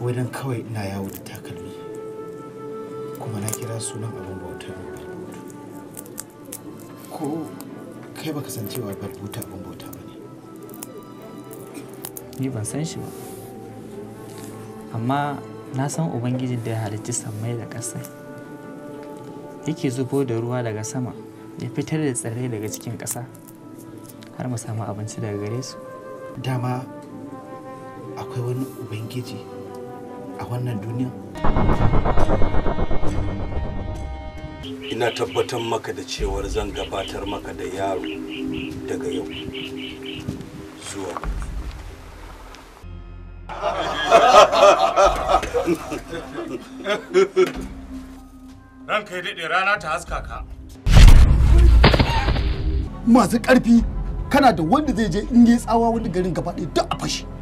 Wurin kawai ina yawo da takalmi kuma na kira sunan abin bautar barbutu. Ko kai baka kasancewa cewa barbuta abin bauta ba ne? Ni ban san shi ba. Amma na san Ubangijin da ya halicci samai da ƙasai. yake zubo da ruwa daga sama ya fitar da tsirrai daga cikin ƙasa har mu samu abinci daga gare su dama akwai wani ubangiji a wannan duniya ina tabbatar maka da cewar zan gabatar maka da yaro daga yau zuwa ranka ya daɗe rana ta haskaka. masu ƙarfi kana da wanda zai je in yi tsawa wani garin gaba ɗaya duk a fashi